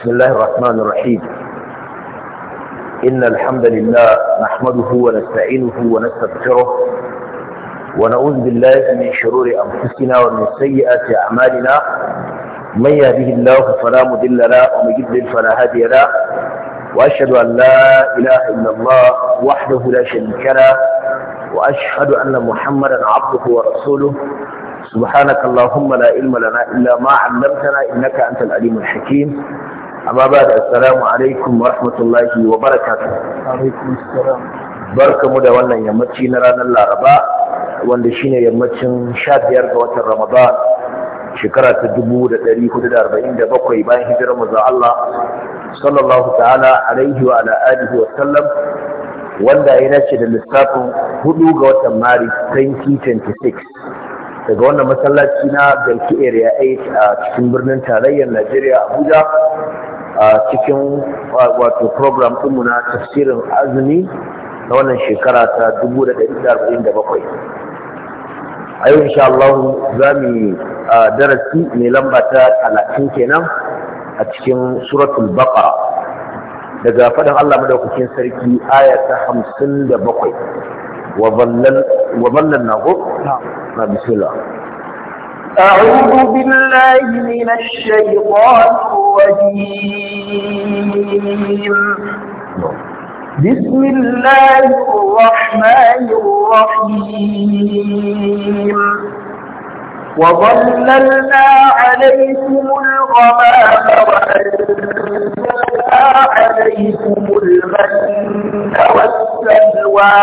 بسم الله الرحمن الرحيم إن الحمد لله نحمده ونستعينه ونستغفره ونعوذ بالله من شرور أنفسنا ومن سيئات أعمالنا من يهده الله فلا مضل له ومن يضلل فلا هادي له وأشهد أن لا إله إلا الله وحده لا شريك له وأشهد أن محمدا عبده ورسوله سبحانك اللهم لا علم لنا إلا ما علمتنا إنك أنت العليم الحكيم amma ba da assalamu alaikum wa rahmatullahi wa barakatuh alaikum assalam barkamu da wannan yammaci na ranar laraba wanda shine yammacin 15 ga watan ramadan shekara ta 1447 bayan hijirar manzon Allah sallallahu ta'ala alaihi wa ala alihi wa sallam wanda ya nace da lissafin 4 ga watan maris 2026 daga wannan masallaci na Belki area 8 a cikin birnin tarayyar Najeriya Abuja a cikin wato program ɗinmu na tafsirin azumi na wannan shekara ta 1447 a yau insha Allah za mu darasi mai lamba ta 30 kenan a cikin suratul baqara daga faɗin Allah madaukakin sarki aya ta 57 wa ballan na ko na bismillah أعوذ بالله من الشيطان الرجيم بسم الله الرحمن الرحيم وظللنا عليكم الغمام وأنزلنا عليكم المن والسلوى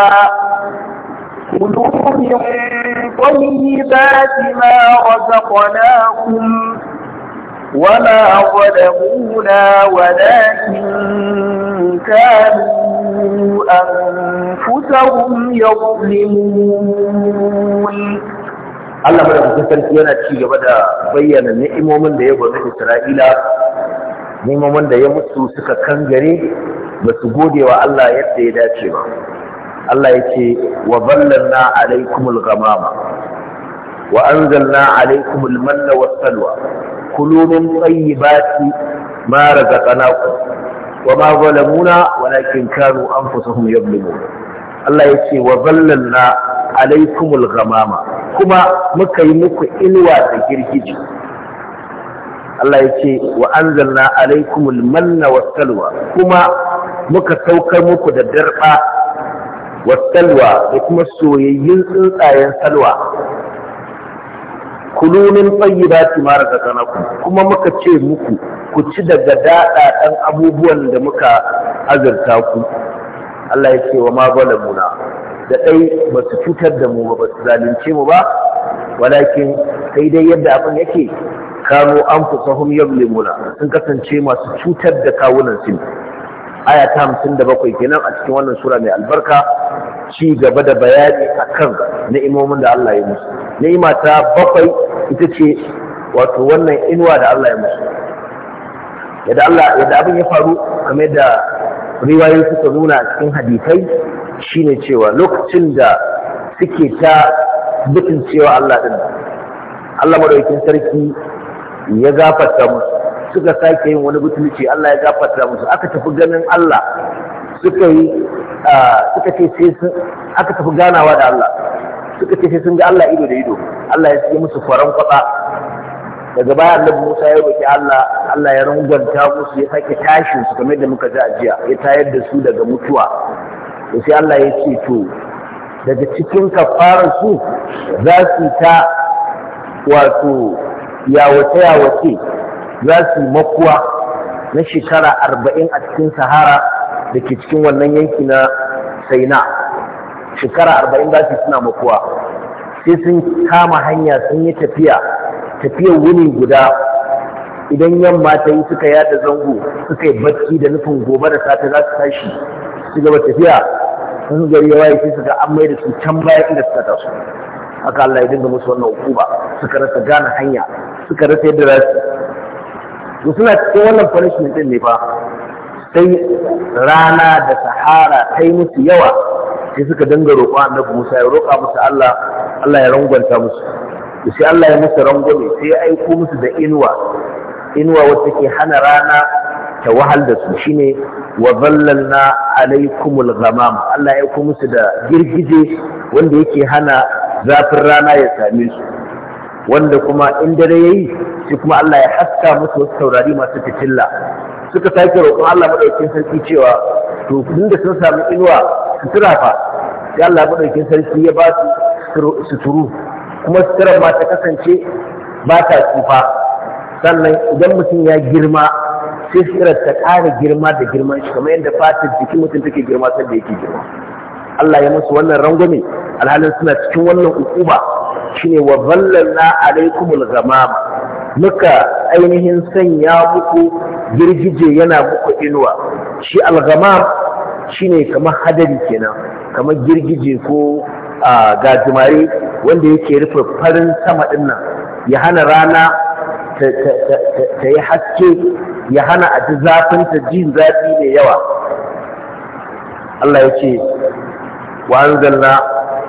كلوا من طيبات ما رزقناكم وما ظلمونا ولكن كانوا أنفسهم يظلمون Allah da sarki yana ci gaba da bayyana ni'imomin da ya gwada Isra'ila ni'imomin da ya mutu suka kangare ba su gode wa Allah yadda ya dace ba Allah ya ce wa ballanna alaikumul ghamama wa anzalna alaikumul manna wassalwa kulu min tayyibati ma razaqnakum wa ma zalamuna walakin kanu anfusuhum yadhlimun Allah ya ce wa ballanna alaikumul ghamama kuma muka yi muku inuwa da girgiji Allah ya ce wa anzalna alaikumul manna wassalwa kuma muka saukar muku da darɓa. wasalwa da kuma soyayyun tsuntsayen salwa kulunin mara ma razaqnakum kuma muka ce muku ku ci daga daɗaɗen abubuwan da muka azurta ku Allah ya ce wa ma muna da ɗai ba su cutar da mu ba ba su zalunce mu ba walakin sai dai yadda abin yake kano an yau lemuna, sun kasance masu cutar da kawunan su aya ta hamsin da bakwai kenan a cikin wannan sura mai albarka ci gaba da bayani a kan ni'imomin da Allah ya musu ni'ima ta bakwai ita ce wato wannan inuwa da Allah ya musu yadda Allah yadda abin ya faru game da riwayoyi suka nuna a cikin hadisai shine cewa lokacin da suke ta bitin cewa Allah din Allah madaukakin sarki ya gafarta musu suka sake yin wani butulci Allah ya gafarta musu aka tafi ganin Allah suka yi suka ce sai sun aka tafi ganawa da Allah suka ce sai sun ga Allah ido da ido Allah ya yi musu faran kwatsa daga baya Annabi Musa ya roki Allah Allah ya runganta musu ya sake tashin su kamar da muka ji a jiya ya tayar da su daga mutuwa to sai Allah ya ce to daga cikin kafarar su za su ta wato yawace yawace za su makuwa na shekara arba'in a cikin sahara da ke cikin wannan yanki na saina shekara arba'in za su suna makuwa sai sun kama hanya sun yi tafiya tafiyar wuni guda idan yamma ta yi suka yada zango suka yi bacci da nufin gobe da sata za su tashi su gaba tafiya sun gari ya waye sai suka an da su can baya inda suka taso haka Allah ya dinga musu wannan hukuma suka rasa gane hanya suka rasa yadda za su to suna cikin wannan punishment din ne ba, sai rana da sahara ta yi musu yawa sai suka dinga roƙo annabi Musa ya roƙa musu Allah Allah ya rangwanta musu to sai Allah ya musu rangwame sai ya aiko musu da inuwa inuwa wacce ke hana rana ta wahal da su shine wa zallalna alaikumul ghamam Allah ya aiko musu da girgije wanda yake hana zafin rana ya same su wanda kuma in dare yi, shi kuma Allah ya haska musu wasu taurari masu fitilla suka sake roƙon Allah maɗaukin sarki cewa to da sun samu inuwa su turafa, sai Allah maɗaukin sarki ya ba su suturu kuma suturar ma ta kasance ba ta tsufa sannan idan mutum ya girma sai suturar ta ƙara girma da girman shi kamar yadda fatar jikin mutum take girma sanda yake girma Allah ya musu wannan rangwame alhalin suna cikin wannan ukuba ne wa zallalna alaikumul ghamama muka ainihin sanya muku girgije yana muku inuwa shi al shi shine kamar hadari kenan kamar girgije ko a gajimare wanda yake rufe farin sama dinnan. ya hana rana ta yi haske ya hana a ji zafin ta jin zafi mai yawa Allah ya ce wa anzalna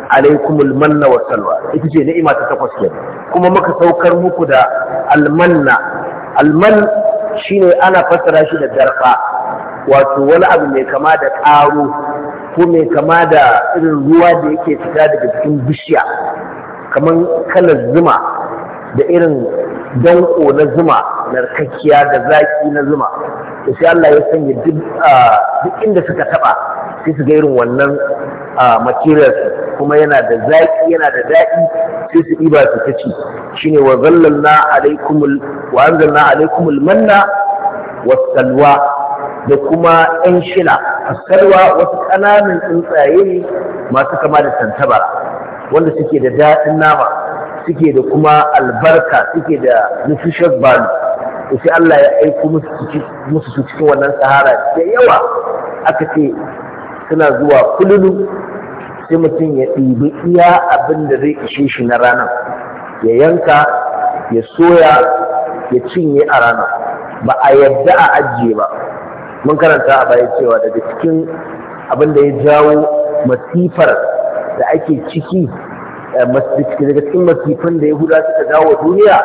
Alaikum almanna wa salwa ita ce ni'ima ta takwas ke kuma muka saukar muku da almanna alman shine ana fassara shi da darba wato wani abu mai kama da ƙaro ko mai kama da irin ruwa da yake fita daga cikin bishiya kamar kalar zuma da irin danko na zuma narkakkiya da zaki na zuma to Allah ya sanya duk ah, inda suka taba sai su ga irin wannan ah, material kuma yana da zaƙi yana da daɗi sai su ɗiba su ta ci shine wa zallalna alaikumul wa anzalna alaikumul manna wasalwa da kuma ɗan shila asalwa wasu ƙananan tsuntsaye ne masu kama da tantaba, wanda suke da daɗin nama suke da kuma albarka suke da nutritious value sai Allah ya aiko musu su cikin wannan sahara da yawa aka ce suna zuwa kululu sai mutum ya ɗibi iya abin da zai ishe shi na rana ya yanka ya soya ya cinye a rana. ba a yadda a ajiye ba mun karanta a baya cewa daga cikin abin da ya jawo masifar da ake ciki eh, daga cikin masifin da ya yahuda suka dawo duniya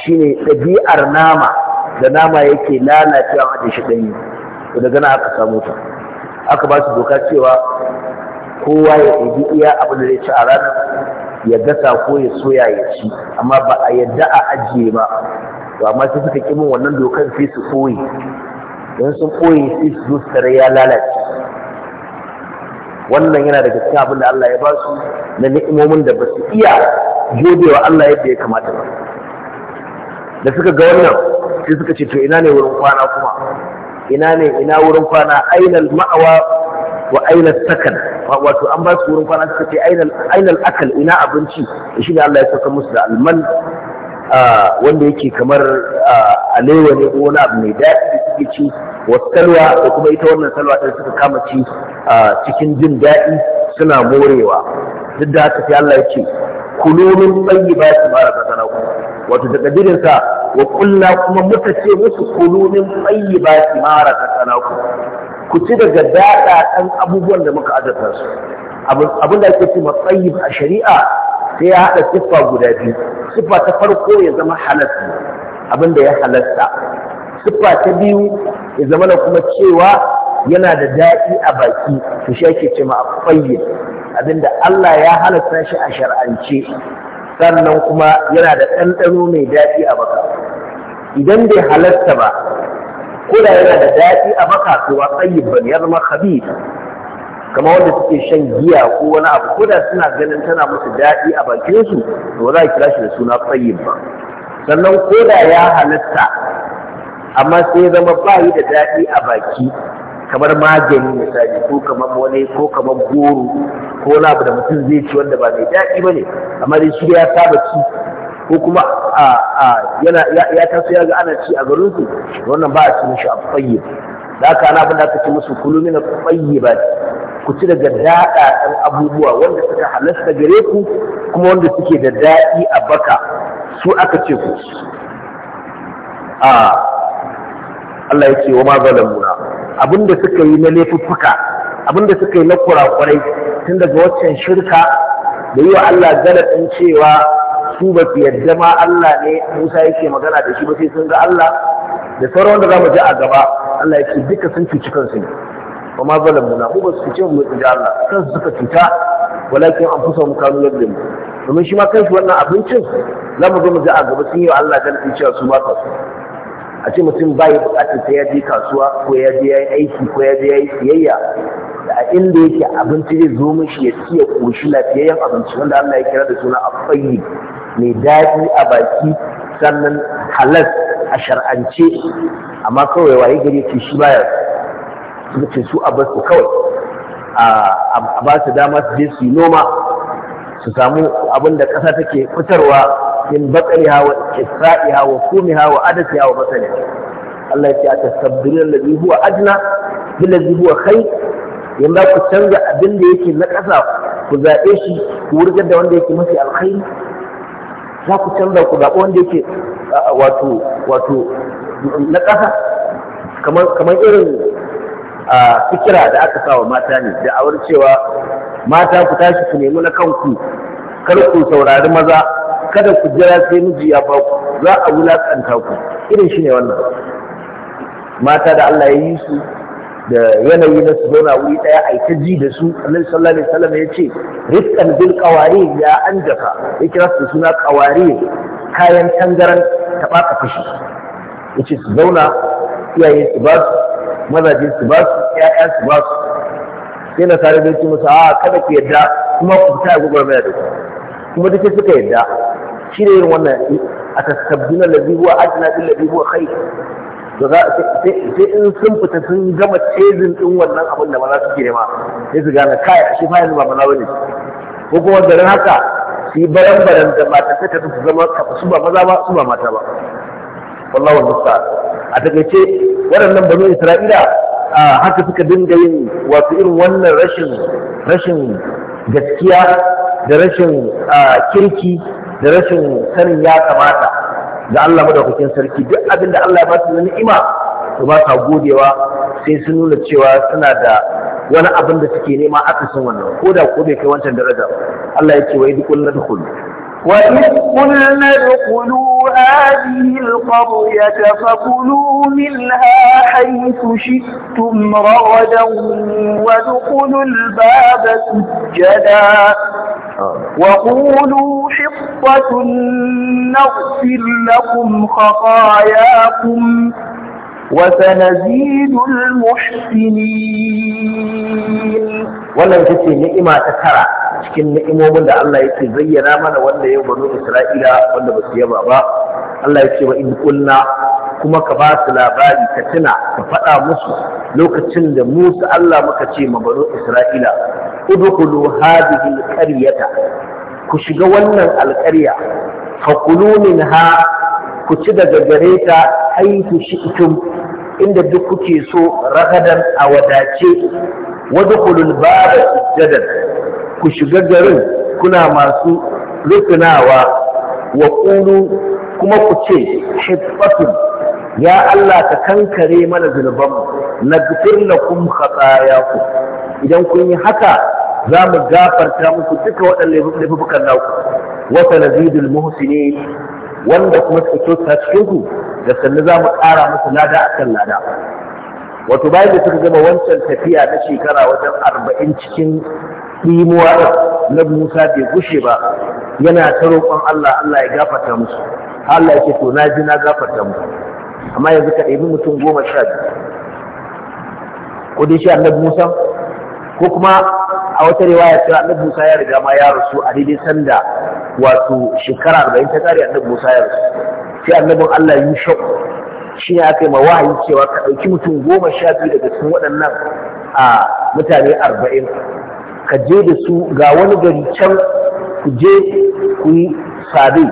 shine ɗabi'ar nama da nama yake lalacewa da shi ɗanyi daga gana aka samu ta aka ba su doka cewa kowa ya ɗabi iya abin da zai ci a ranar ya gasa ko ya soya ya ci amma ba a yadda a ajiye ba to amma sai suka ƙi wannan dokar sai su koyi don sun koyi sai su zo su ya lalace wannan yana daga cikin abin da Allah ya ba su na ni'imomin da ba su iya wa Allah yadda ya kamata ba da suka ga wannan sai suka ce to ina ne wurin kwana kuma ina ne ina wurin kwana ainal ma'awa wa ainal sakan wato an ba su wurin kwana suka ce ainal akal ina abinci da shi da Allah ya saka musu da alman wanda yake kamar alewa ne ko wani abu mai daɗi suke ci wasalwa da kuma ita wannan salwa ɗin suka kama ci cikin jin daɗi suna morewa duk da haka sai Allah ya ce kulomin tsayi ba su mara kasana ku wato da kadirinsa wa kulla kuma muka ce musu kulomin tsayi ba su mara kasana ku ku ci daga daɗa abubuwan da muka azata su abin da ake ce matsayi a shari'a sai ya haɗa siffa guda biyu siffa ta farko ya zama halatta abin da ya halatta siffa ta biyu ya zama na kuma cewa yana da daɗi a baki su shi ake ce ma fayyin abinda Allah ya halatta shi a shar'ance sannan kuma yana da ɗanɗano mai daɗi a baka idan bai halatta ba Koda yana da daɗi a baka to wa tsayyibun ya zama khabith kamar wanda suke shan giya ko wani abu Koda suna ganin tana musu daɗi a bakin su to za a kira shi da suna tsayin ba sannan koda ya halitta. amma sai zama ba da daɗi a baki kamar magani misali ko kamar wani ko kamar goro ko wani abu da mutum zai ci wanda ba mai daɗi ba ne amma dai shi ya saba ci ko kuma yana ya taso ya ga ana ci a garin su wannan ba a ci mishi afayyib da aka ana abin da aka ci musu kulu min ba tayyibat ku ci daga daɗa ɗan abubuwa wanda suka halasta gare ku kuma wanda suke da daɗi a baka su aka ce ku a Allah ya ce wa ma muna. abinda suka yi na laifuffuka abinda suka yi na kurakurai tun daga waccan shirka da yi wa Allah galatin cewa su ba su yadda ma Allah ne Musa yake magana da shi ba sai sun ga Allah da sauran wanda za mu ji a gaba Allah ya ce duka sun cuci kansu ne ba ma muna mu ba su cuci mu ji Allah kansu suka cuta walakin an fusa mu kanu mu. domin shi ma kansu wannan abincin za mu zo mu ji a gaba sun yi wa Allah dan cewa su ma kansu su a ce mutum bai bukata sai ya je kasuwa ko ya je ya aiki ko ya je ya siyayya a inda yake abinci zai zo mishi ya siya koshi lafiyayyen abinci wanda Allah ya kira da suna afayyi mai daɗi a baki sannan halas a shar'ance amma kawai waye gari ce shi baya suka su a basu kawai a ba su dama su je su yi noma su samu abin da ƙasa take fitarwa min batsari hawa isra'i hawa kumi hawa adasi hawa batsari Allah ya ce a tasabbirin ladhi huwa adna bil a kai khair yanda ku canza abin da yake na ƙasa ku zaɓe shi ku wurgar da wanda yake mafi alkhairi za ku canza ku zaɓi wanda yake wato wato na ƙasa kamar irin a fikira da aka sa mata ne da awar cewa mata ku tashi ku nemi na kanku kar ku saurari maza kada ku jira sai miji ya ba ku za a wulaƙanta ku irin shi ne wannan mata da Allah ya yi su da yanayi na su zauna wuri ɗaya, a ta ji da su annabi sallallahu alaihi wasallam ya ce rikkan bil qawari ya anjaka ya kira su suna qawari kayan tangaran taba ka fushi yace su zauna iyaye su ba su mazaje su ba su ƴaƴa su ba su sai na sare da musu a kada ku yadda kuma ku fita gwagwarmaya da ku kuma duk suka yadda shi ne irin wannan a tasabbina lazi huwa ajna bil ladhi huwa khair da za sai in sun fita sun gama tezin din wannan abin da maza suke ma sai su gane kai shi fa yanzu ba maza bane ko kuma garin haka su yi baran baran da mata ta tafi su zama su ba maza ba su ba mata ba wallahu musta'an a takaice waɗannan bani isra'ila haka suka dinga yin wato irin wannan rashin rashin gaskiya da rashin kirki da rashin sanin ya kamata da Allah madaukakin sarki duk abin da Allah ya ba su na ni'ima to ba ta godewa sai sun nuna cewa suna da wani abin da suke nema akasin wannan ko da ko bai kai wancan daraja Allah ya ce wa da nadkhul وإذ قلنا ادخلوا هذه القرية فكلوا منها حيث شئتم رغدا وادخلوا الباب سجدا وقولوا حطة نغفر لكم خطاياكم وسنزيد المحسنين wannan ita ce ni'ima ta tara cikin ni'imomin da Allah yake zayyana mana wanda yau banu Isra'ila wanda ba su yaba ba Allah yake wa in kunna kuma ka ba su labari ka tuna ka faɗa musu lokacin da Musa Allah muka ce ma banu Isra'ila udkhulu hadhihi alqaryata ku shiga wannan alƙarya fa kulu minha ku ci daga gare ta haitu shi'tum inda duk kuke so ragadan a wadace kulul baba sujadan ku shiga garin kuna masu rukunawa wa kuma ku ce hibbatun ya Allah ka kankare mana zunubanmu naghfir lakum khatayakum idan kun yi haka za mu gafarta muku duka waɗannan laifukan naku wa sanazidul muhsinin wanda kuma suka cikin ku da sannu za mu ƙara musu lada a kan lada wato bayan da suka gama wancan tafiya na shekara wajen arba'in cikin ɗimuwa na musa bai gushe ba yana ta roƙon allah allah ya gafarta musu allah ya ce to na ji na gafarta musu amma yanzu ka ɗebi mutum goma sha biyu ko dai shi annabi musa ko kuma a wata riwaya cewa annabi Musa ya riga ma ya rasu a daidai sanda wato shekara arba'in ta kare annabi Musa ya rasu sai annabin Allah Yusuf shi ne aka yi wahayi cewa ka ɗauki mutum goma sha biyu daga cikin waɗannan a mutane arba'in ka je da su ga wani gari can ku je ku yi sabe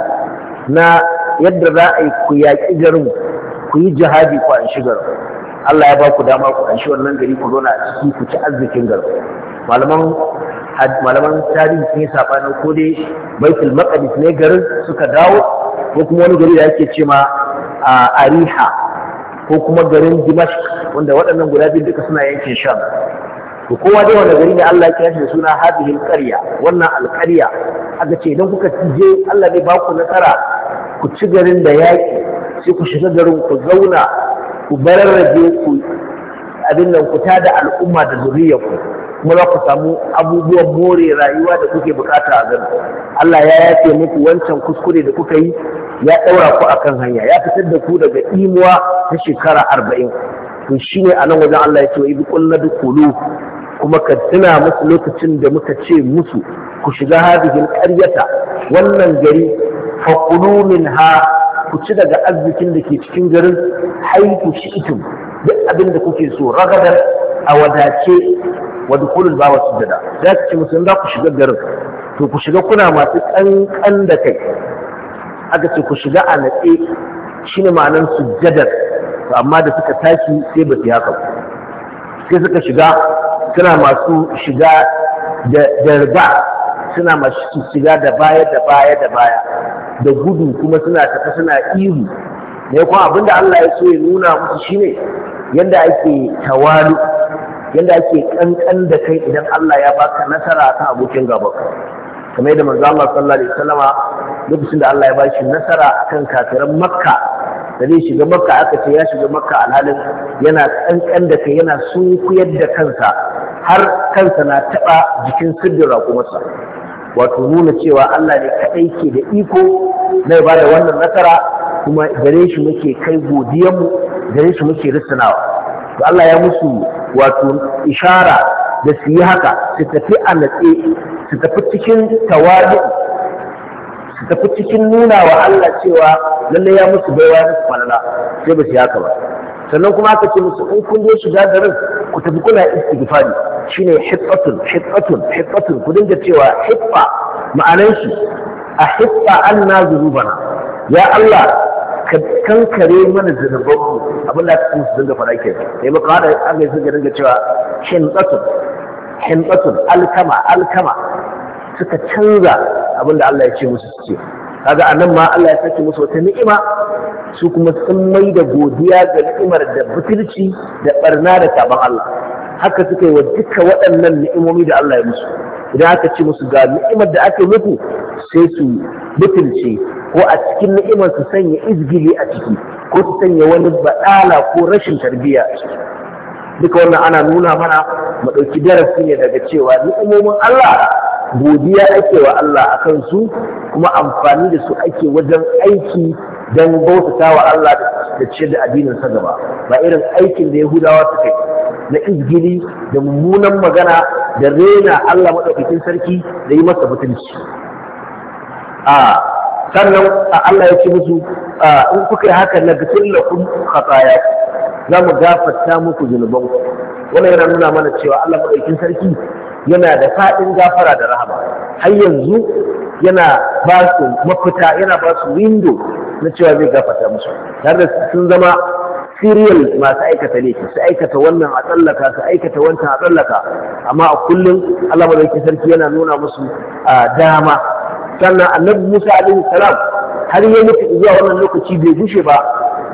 na yadda za a yi ku yaƙi garin ku yi jihadi ku an shi Allah ya ba ku dama ku anshi wannan gari ku zo na ciki ku ci arzikin gari malaman malaman tarihi sun yi sabanin ko dai baitul maqdis ne garin suka dawo ko kuma wani gari da yake ce ma ariha ko kuma garin dimashq wanda waɗannan guda biyu duka suna yankin sham to kowa dai wanda gari ne Allah ya kira shi da suna hadihil qarya wannan alqarya aka ce idan kuka je Allah zai ba ku nasara ku ci garin da yaƙi sai ku shiga garin ku zauna ku bararrabe ku abin nan ku tada al'umma da zuriyarku kuma za ku samu abubuwan more rayuwa da kuke bukata a gaba Allah ya yafe muku wancan kuskure da kuka yi ya ɗaura ku akan hanya ya fitar da ku daga imuwa ta shekara arba'in to shine a nan wajen Allah ya ce wa ibi kulla dukulu kuma ka tuna musu lokacin da muka ce musu ku shiga hadihin ƙaryata wannan gari faƙulu min ha ku ci daga arzikin da ke cikin garin haiku shi itum duk abin da kuke so ragadar a wadace wa dukulul ba wa sujada za ku ci musulun za ku shiga garin to ku shiga kuna masu kankan da kai aka ce ku shiga a natse shi ne ma'anar sujadar amma da suka tashi sai ba su haka sai suka shiga suna masu shiga da suna masu shiga da baya da baya da baya da gudu kuma suna tafi suna ihu ne kuma abinda Allah ya so ya nuna musu shine yanda ake tawalu yanda ake kankan da kai idan Allah ya baka nasara ta abokin gaba kamar yadda manzo Allah sallallahu alaihi wasallama lokacin da Allah ya bashi nasara akan kafiran Makka da zai shiga Makka aka ce ya shiga Makka alhalin yana kankan da kai yana sunkuyar da kansa har kansa na taɓa jikin siddin raƙumarsa wato nuna cewa Allah ne kaɗai ke da iko na ba da wannan nasara kuma gare shi muke kai godiyanmu gare shi muke risanawa to Allah ya musu wato ishara da su yi haka su tafi a natse su tafi cikin tawadu su tafi cikin nuna wa Allah cewa lallai ya musu baiwa ya musu sai ba su yi haka ba sannan kuma aka ce musu in kun je shiga garin ku tafi kuna istighfari ne hitsatun hitsatun hitsatun ku dinga cewa hitsa ma'anar shi a hitsa an na zunubana ya Allah ka kankare mana zunubanmu abin da aka su dinga faɗa ke sai maka hada an gaisu ga dinga cewa hitsatun hitsatun alkama alkama suka canza abin da Allah ya ce musu su ce kaga anan ma Allah ya saki musu wata ni'ima su kuma sun mai da godiya ga ni'imar da butulci da ɓarna da sabon Allah haka suka yi wa duka waɗannan ni'imomi da Allah ya musu idan aka ce musu ga ni'imar da aka yi muku sai su mutunce ko a cikin ni'imar su sanya izgili a ciki ko su sanya wani baɗala ko rashin tarbiyya a ciki duka wannan ana nuna mana mu ɗauki darasi ne daga cewa ni'imomin Allah godiya ake wa Allah akan su kuma amfani da su ake wajen aiki don bautata wa Allah da ciyar da sa gaba ba irin aikin da yahudawa suka yi na izgili da mummunan magana da rena Allah maɗaukakin sarki da yi masa mutunci a sannan Allah ya ce musu in kuka yi haka na gafin lakum khataya za mu gafarta muku zunuban wannan yana nuna mana cewa Allah maɗaukakin sarki yana da faɗin gafara da rahama har yanzu yana ba su mafita yana ba su window na cewa zai gafata musu har da sun zama serial masu aikata ne, su aikata wannan a tsallaka su aikata wancan a tsallaka amma a kullum Allah madaukakin sarki yana nuna musu dama sannan annabi Musa alaihi salam har ya mutu zuwa wannan lokaci bai gushe ba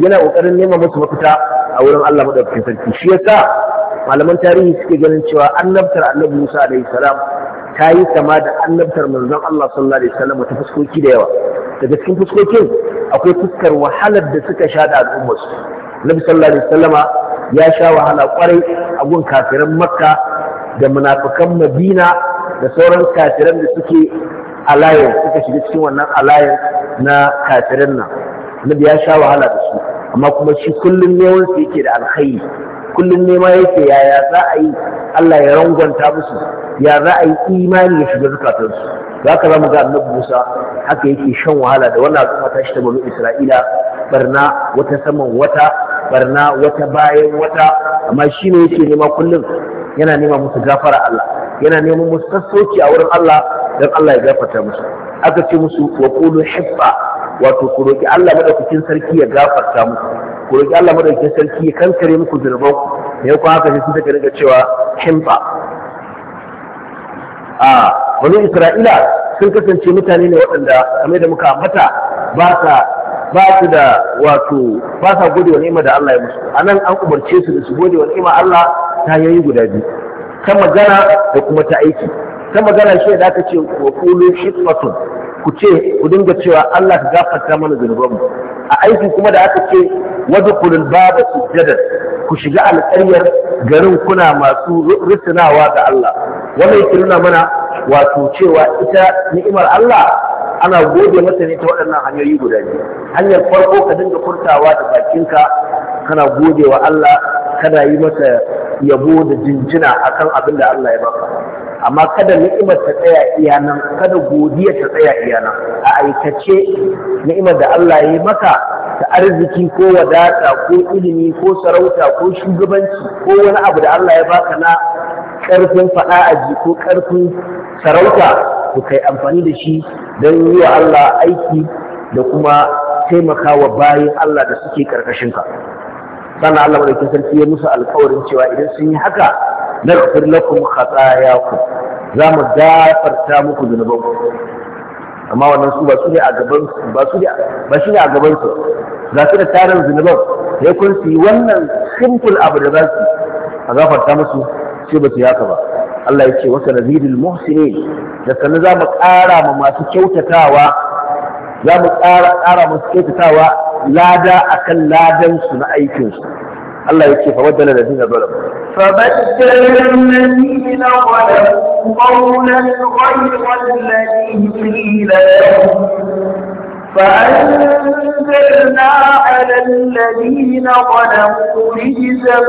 yana kokarin nema musu mafita a wurin Allah madaukakin sarki shi yasa malaman tarihi suke ganin cewa annabtar annabi Musa alaihi salam ta yi kama da annabtar manzon Allah sallallahu alaihi wasallam ta fuskoki da yawa daga cikin fuskokin akwai fuskar wahalar da suka sha da al'ummarsu nabi sallallahu alaihi wasallama ya sha wahala kwarai a gun kafiran makka da munafikan madina da sauran kafiran da suke alayan suka shiga cikin wannan alayan na kafiran nan nabi ya sha wahala da su amma kuma shi kullum neman su yake da alkhairi kullum nema yake yaya za a yi Allah ya rangwanta musu ya za a yi imani ya shiga zukatansu za ka zama ga annabi musa haka yake shan wahala da wannan al'umma ta shi ta banu isra'ila barna wata saman wata barna wata bayan wata amma shi ne yake nema kullum yana nema musu gafara Allah yana neman musu sassauci a wurin Allah don Allah ya gafarta musu aka ce musu wa qulu hibba wato ku roki Allah madaukakin sarki ya gafarta musu. ku roki Allah madaukakin sarki ya kankare muku zunubanku ne ko haka sai suka rinka cewa himba a wani isra'ila sun kasance mutane ne waɗanda kamar da muka ambata ba su da wato ba sa gode wa ni'ima da Allah ya musu anan an umarce su da su gode wa ni'ima Allah ta yayi guda biyu ta magana da kuma ta aiki ta magana shi da aka ce wa qulu shitmatun ku ce ku dinga cewa Allah ka gafarta mana mu. a aiki kuma da aka ce wadkhulul baba sujjadan ku shiga alƙaryar garin kuna masu rusunawa ga Allah wannan yake nuna mana wato cewa ita ni'imar Allah ana gode masa ne ta waɗannan hanyoyi guda biyu hanyar farko ka dinga furtawa da bakinka kana gode wa Allah kana yi masa yabo da jinjina akan abin da Allah ya baka amma kada ni'imar ta tsaya iya kada godiya ta tsaya iya a aikace ni'imar da Allah ya yi maka ta arziki ko wadata ko ilimi ko sarauta ko shugabanci ko wani abu da Allah ya baka na ƙarfin faɗa aji ko ƙarfin sarauta to kai amfani da shi don yi wa Allah aiki da kuma taimakawa bayan Allah da suke ƙarƙashinka sannan Allah madaukin sarki ya musu alƙawarin cewa idan sun yi haka naghfir lakum ku, za mu gafarta muku zunubanku amma wannan su ba su ne a gaban su ba su ne ba shi ne a gaban su za su da tarin zunuban sai kun su yi wannan simple abu da za su a gafarta musu sai ba su haka ba Allah ya ce wasa nazirul muhsinin da kana za mu ƙara ma masu kyautatawa za mu ƙara ƙara masu kyautatawa lada akan ladan su na aikin su Allah ya ce fa wadda da dina zalim fa baddala alladhina zalamu qawlan ghayra alladhi qila فأنزلنا على الذين ظلموا رجزا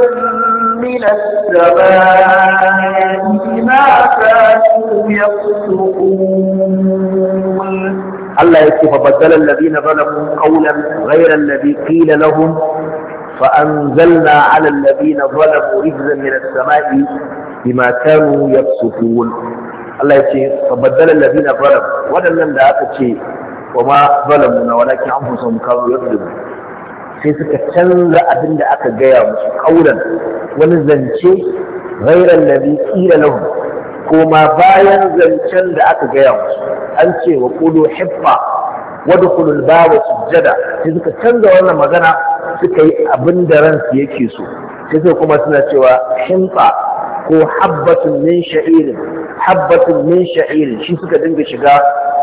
من السماء بما كانوا يفسقون الله يكفي فبدل الذين ظلموا قولا غير الذي قيل لهم فأنزلنا على الذين ظلموا رجزا من السماء بما كانوا يفسقون الله ya فبدل الذين ظلموا zalam لا da wa ma zalamuna walakin anfusahum kanu yadhlimun sai suka canza abin da aka gaya musu kauran. wani zance ghairal ladhi qila lahum ko bayan zancen da aka gaya musu an ce wa qulu hibba wadkhulul baba sujada sai suka canza wannan magana suka yi abin da ransu yake so sai sai kuma suna cewa himfa ko habbatun min sha'irin habbatun min sha'irin shi suka dinga shiga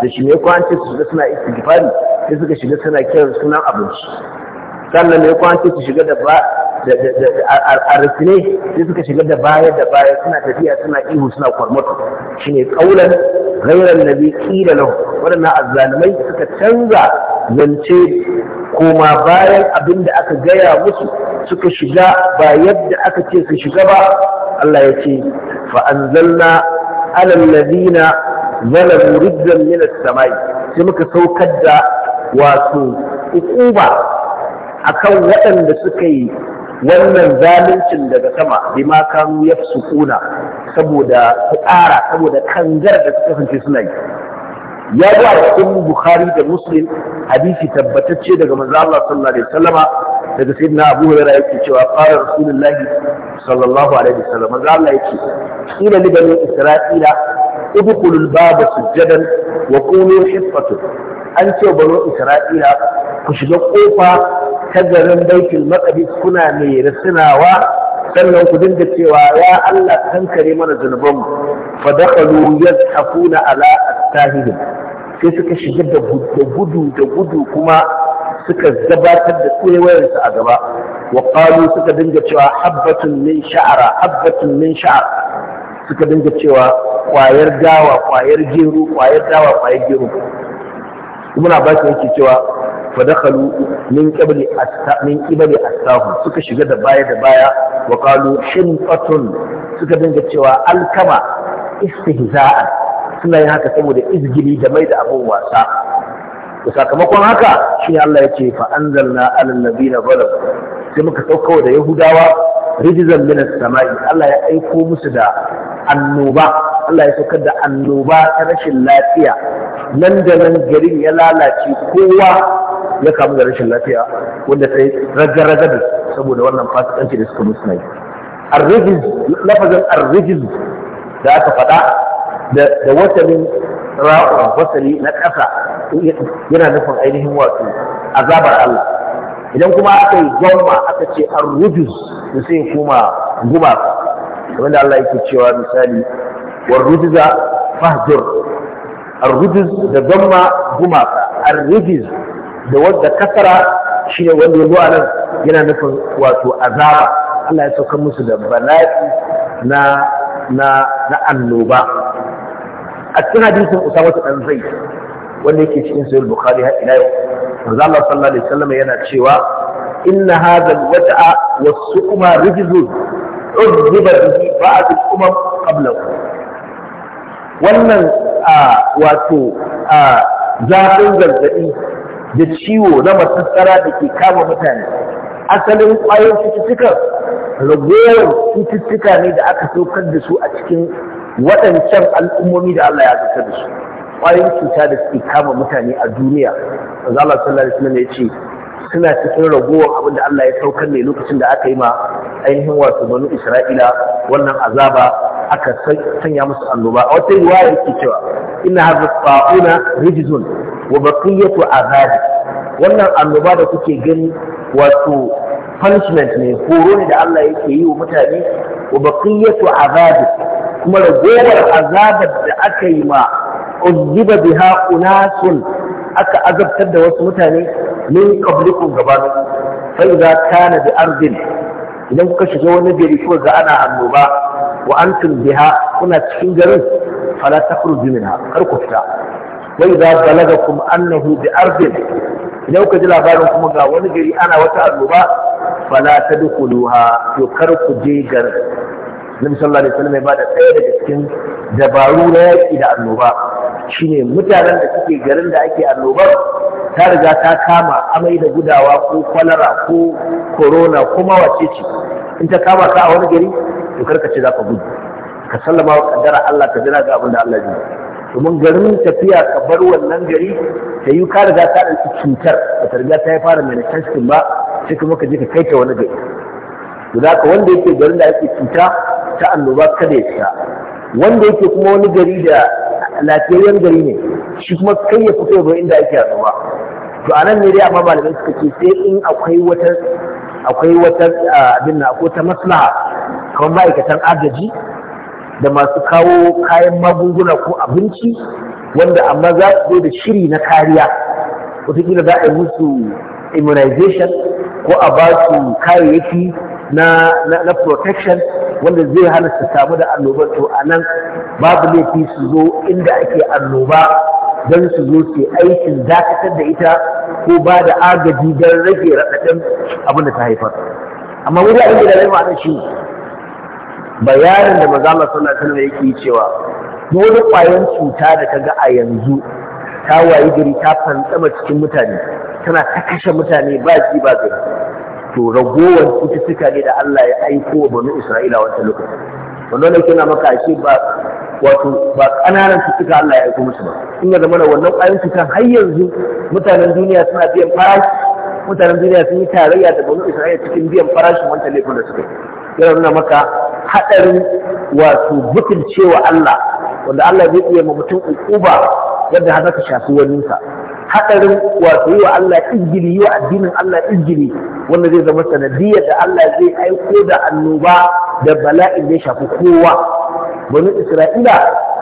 da shi ne kwanci su shiga suna istighfari sai suka shiga suna kiran sunan abinci sannan ne kwanci su shiga da ba da da da a rasine sai suka shiga da baya da baya suna tafiya suna ihu suna kwarmato shine kaulan ghairan nabi qila lahu wadannan azzalumai suka canza zance kuma bayan abin da aka gaya musu suka shiga ba yadda aka ce su shiga ba Allah ya ce fa anzalna ala alladhina zalamu rijjan min as-samai sai muka saukar da wato ukuba akan waɗanda suka yi wannan zaluncin daga sama bima kanu Sukuna, saboda tsara saboda kangar da suka kasance suna yi ya zo a cikin bukhari da muslim hadisi tabbatacce daga manzo Allah sallallahu alaihi wasallama daga sayyidina Abu Hurairah yake cewa qala rasulullahi sallallahu alaihi wasallam manzo Allah yake kila li bani isra'ila udkhulul baba sujadan wa qulu hifatun an ce bano isra'ila ku shiga ƙofa ta garin baitul maqdis kuna mai rasinawa sannan ku dinga cewa ya Allah kankare mana zunubanmu fa dakhalu yazhafuna ala attahihim sai suka shiga da gudu da gudu kuma suka gabatar da tsayawarsu a gaba wa qalu suka dinga cewa habbatun min sha'ara habbatun min sha'ara suka dinga cewa kwayar dawa kwayar gero kwayar dawa kwayar gero muna ba su yake cewa fa dakhalu min qabli min qibli astahu suka shiga da baya da baya wa qalu shinqatun suka dinga cewa alkama istihza'a suna yin haka saboda izgili da mai da abun wasa sakamakon haka shi Allah ya ce fa anzalna alal ladina zalamu sai muka sauka da yahudawa rijizan minas sama'i Allah ya aiko musu da annoba Allah ya saukar da annoba ta rashin lafiya nan da nan garin ya lalace kowa ya kamu da rashin lafiya wanda sai raga-raga da saboda wannan fasikanci da suka musu nai arrijiz lafazin arrijiz da aka faɗa da watannin ra'uwa wasali na ƙasa yana nufin ainihin wato azabar Allah idan kuma aka yi gwamma aka ce an rujus da sai kuma guma wanda Allah yake cewa misali war rujuza fahdur ar da gwamma guma ar rujuz da wanda kasara shi ne wanda ya zo nan yana nufin wato azaba Allah ya sauka musu da bala'i na na na annoba a cikin hadisin Usama ta dan zai, wanda yake cikin Sahih Bukhari har ila yau manzo Allah sallallahu alaihi wasallam yana cewa inna hadha alwada'a was-suqma rijzun udhiba bihi ba'd al-umam qablahu wannan wato zafin gargadi da ciwo na matattara da ke kama mutane asalin ƙwayoyin cututtukan ragowar cututtuka ne da aka saukar da su a cikin waɗancan al'ummomi da Allah ya zartar da su kwayoyin cuta da suke kama mutane a duniya manzo Allah sallallahu alaihi wasallam ya ce suna cikin ragowar abin da Allah ya saukar ne lokacin da aka yi ma ainihin wato banu Isra'ila wannan azaba aka sanya musu annoba a wata riwaya yake cewa inna hadha fa'una rijzun wa baqiyatu azabi wannan annoba da kuke gani wato punishment ne horo ne da Allah yake yi wa mutane wa baqiyatu azabi kuma ragowar azabar da aka yi ma uzziba biha unasun aka azabtar da wasu mutane min qablikum gabanu fa idza kana bi ardin idan kuka shiga wani gari ko ga ana annoba wa antum biha kuna cikin garin fala takhruju minha kar ku fita wa idza balagakum annahu bi ardin idan kuka ji labarin kuma ga wani gari ana wata annoba fala tadkhuluha to kar ku je garin annabi sallallahu alaihi wasallam ya bada ɗaya daga cikin dabaru na yaƙi da annoba shine mutanen da suke garin da ake annobar ta riga ta kama amai da gudawa ko kwalara ko corona ko mawace ce in ta kama ka a wani gari to karka ce za ka gudu ka sallama wa kaddara Allah ka jira ga abin da Allah zai domin garin tafiya ka bar wannan gari ta yi ka riga ta ɗauki cutar ba ta riga ta yi fara manifesting ba sai kuma ka je ka kai ta wani gari to da wanda yake garin da ake cuta ta annoba kada ya fita wanda yake kuma wani gari da lafiyayyen gari ne shi kuma kai ya fito ga inda ake annoba to anan ne dai amma malamai suka ce sai in akwai wata akwai wata abin na ko ta maslaha kamar ma'aikatan agaji da masu kawo kayan magunguna ko abinci wanda amma za su zo da shiri na kariya wataƙila za a yi musu immunization ko a ba su kayayyaki na, protection wanda zai hana su samu da annoba to a nan babu laifi su zo inda ake annoba don su zo su aikin dakatar da ita ko ba da agaji don rage raɗaɗin abin da ta haifar amma wuri abin da laifin ma'ana shi bayanin da maza Allah sallallahu alaihi yake cewa dole ƙwayan cuta da ka ga a yanzu ta wayi gari ta fantsama cikin mutane tana ta kashe mutane ba ba gari to ragowar cututtuka ne da Allah ya aiko wa banu Isra'ila wancan lokacin wannan yake na maka ashe ba wato ba kananan cututtuka Allah ya aiko musu ba in ya zama wannan ƙwayoyin cutan har yanzu mutanen duniya suna biyan farashi mutanen duniya sun yi tarayya da banu Isra'ila cikin biyan farashin wancan laifin da suka yi yana nuna maka haɗarin wato mutuncewa Allah wanda Allah zai iya ma mutum ukuba yadda har zaka shafi waninsa hadarin wato yi wa Allah izgili yi wa addinin Allah izgili wanda zai zama sanadiyya da Allah zai aiko da annoba da bala'in da ya shafi kowa bani Isra'ila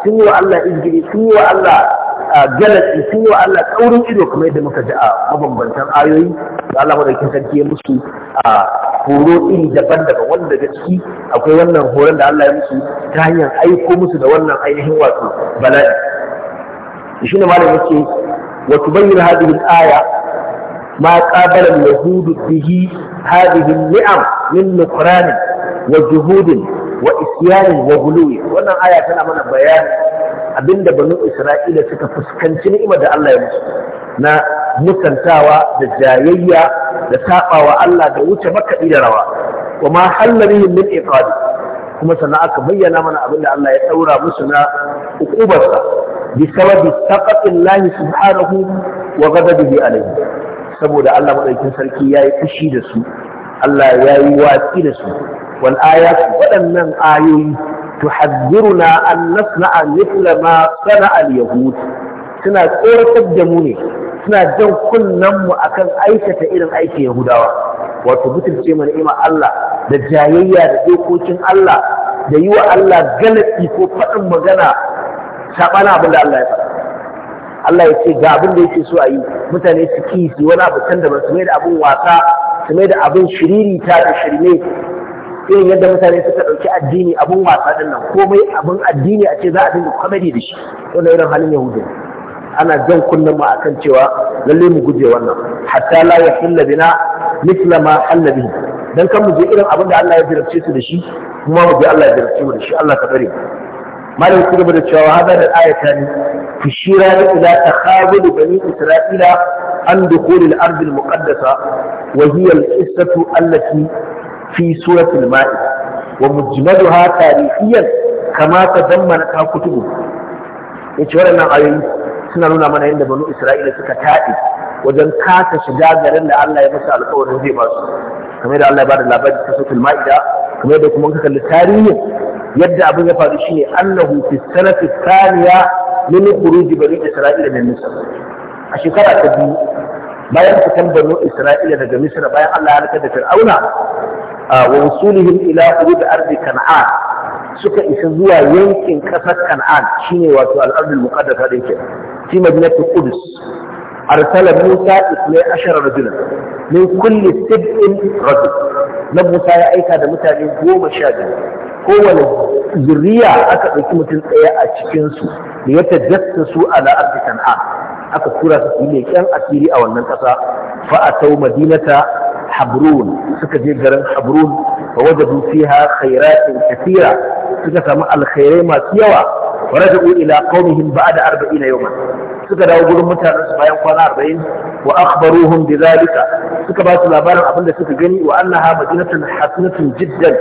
sun yi wa Allah izgili sun yi wa Allah galaxy sun yi wa Allah kaurin ido kuma yadda muka ji a mabambantan ayoyi da Allah madaukin sarki ya musu a horo iri daban-daban wanda daga ciki akwai wannan horon da Allah ya musu ta hanyar aiko musu da wannan ainihin wato bala'i shi ne malam yake وتبين هذه الآية ما قابل اليهود به هذه النعم من نكران وجهود وإسيان وغلو وأن آية كان من بيان abinda banu Isra'ila suka fuskanci ni'ima da Allah ya musu na mutantawa da jayayya da sabawa Allah da wuce makaɗi da rawa wa ma hallarihim min iqabi kuma sannan aka bayyana mana abin da Allah ya ɗaura musu na hukubarsa بسبب سقط الله سبحانه وغضبه عليه saboda Allah madaukakin sarki yayi fushi da su Allah yayi watsi da su wal ayat waɗannan ayoyi tuhazziruna an nasna'a mithla ma sana'a al yahud suna tsoratar da mu ne suna jan kunnen mu akan aikata irin aikin yahudawa wato butulce mana ima Allah da jayayya da dokokin Allah da yi wa Allah galafi ko faɗin magana sabanin abin da Allah ya faɗa Allah ya ce ga abin da yake so a yi mutane su ki su wani abu can da ba su mai da abin wasa su mai da abin shiriri ta da shirme irin yadda mutane suka ɗauki addini abin wasa din nan komai abin addini a ce za a dinga kwamadi da shi wannan irin halin yahudu ana jan kunnen mu akan cewa lalle mu guje wannan hatta la yahilla bina mithla ma halla bihi dan kan mu je irin abin da Allah ya jirace su da shi kuma mu je Allah ya jirace mu da shi Allah ka bari. malam su gaba da cewa hadar ayata ne tushira ne ila takhabudu bani isra'ila an dukhul al-ard al-muqaddasa wa hiya al-qissatu allati fi surati al-ma'i wa mujmaduha tarihiyan kama tadammana ta kutubu yace waɗannan ayoyi suna nuna mana yadda banu isra'ila suka taɗe wajen kasa shiga garin da Allah ya masa alƙawarin zai ba su kamar da Allah ya bada labari ta suratul ma'ida kamar da kuma ka kalli tarihin yadda abin ya faru shine annahu fi sanati thaniya min khuruj bani isra'ila min misr a shekara ta biyu bayan fitan bani isra'ila daga misr bayan Allah ya halaka da fir'auna wa wusulihim ila hudud ardi kan'an suka isa zuwa yankin kasar kan'an shine wato al-ardul muqaddasa din ke fi madinatul qudus arsala musa ismai ashara rajulan min kulli sib'in rajul na musa ya aika da mutane goma sha biyu kowane zuriya aka ɗauki mutum ɗaya a cikinsu da ya tajasta su a ardi kan'an aka tura su su leƙen asiri a wannan ƙasa fa'atau madinata habrun suka je garin habrun fa wajadu fiha khairatin kathira suka samu alkhairai masu yawa wa raja'u ila qaumihim ba'da 40 yawman suka dawo gurin mutanen su bayan kwana 40 wa akhbaruhum bidhalika suka ba su labarin abin da suka gani wa annaha madinatun hasanatun jiddan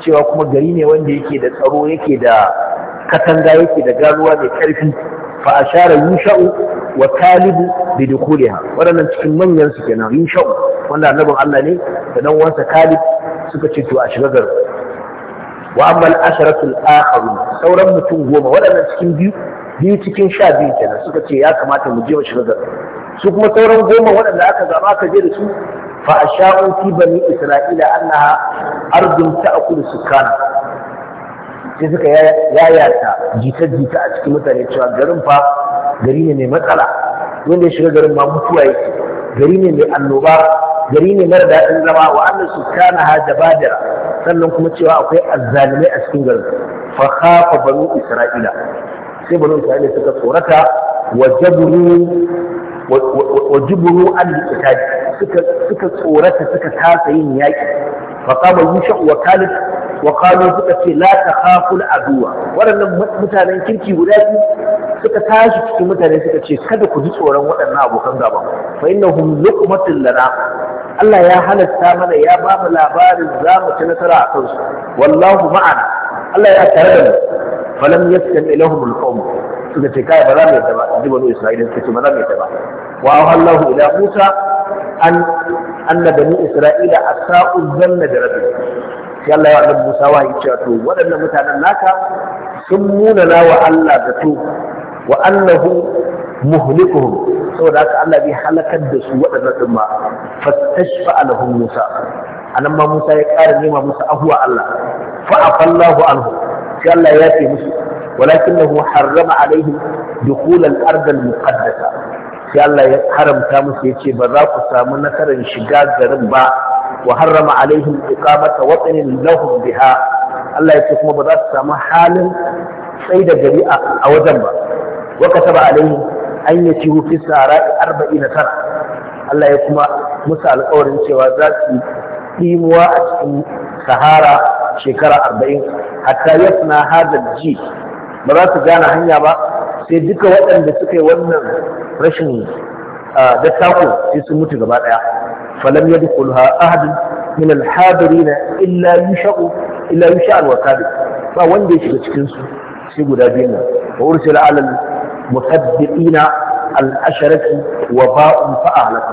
cewa kuma gari ne wanda yake da tsaro yake da katanga yake da garuwa mai karfi fa ashara yusha'u wa talibu bi dukhuliha wadannan cikin manyan su kenan yusha'u wanda annabin Allah ne da dan uwansa talib suka ce to a shiga garin wa amma al-asharatu al-akharun sauran mutum goma wadannan cikin biyu biyu cikin sha biyu kenan suka ce ya kamata mu je mu shiga garin su kuma sauran goma waɗanda aka zama aka je da su فأشاءوا في بني إسرائيل أنها أرض تأكل سكانا sai suka yayata jita-jita a cikin mutane cewa garin fa gari ne mai matsala wanda ya shiga garin ma mutuwa yake gari ne mai annoba gari ne mara daɗin zama wa annan su kana ha jabadira sannan kuma cewa akwai azzalimai a cikin garin fa khafa isra'ila sai banu isra'ila suka tsorata wa jabru wa suka tsorata suka kasa yin yaƙi fa kama yusha wa kalif wa suka ce la takhaful aduwa waɗannan mutanen kirki guda biyu suka tashi cikin mutane suka ce kada ku ji tsoron waɗannan abokan gaba. fa innahum luqmatul lana Allah ya halatta mana ya ba mu labarin za mu ci nasara a kansu wallahu ma'ana Allah ya tare da mu falam yaskan ilahum alqawm suka ce kai ba za mu yadda ba ji bani Isra'ila suka ce ba za mu yadda ba وأوحى الله إلى موسى أن أن بني إسرائيل أساءوا الظن بربهم يلا يا رب موسى وهي شاتو ولن مثلا ناكا سمونا لا وألا بتوب وأنه مهلكهم سوى ذاك الله بي حلق الدس وأنا ثم فاستشفى لهم موسى أنا ما موسى يقال لي موسى أهو الله فعفى الله عنه يلا يا في موسى ولكنه حرم عليهم دخول الأرض المقدسة sai Allah ya haramta musu ya ce ba za ku samu nasarar shiga garin ba wa harrama alaihim iqamata watanin lahum biha Allah ya ce kuma ba za su samu halin tsaye da gari a wajen ba wa kataba alaihim an yati fi sara'i na tara. Allah ya kuma musu alƙawarin cewa za su ɗimuwa a cikin sahara shekara arba'in hatta yasna hadal ji ba za su gane hanya ba sai duka waɗanda suka yi wannan rashin dattako sai sun mutu gaba daya falam yadkhulha ahad min al-hadirin illa yusha'u illa yusha al-wakabir ba wanda ya shiga cikin su sai guda biyun nan wa ursila ala al al-asharati wa ba'un fa ahlaka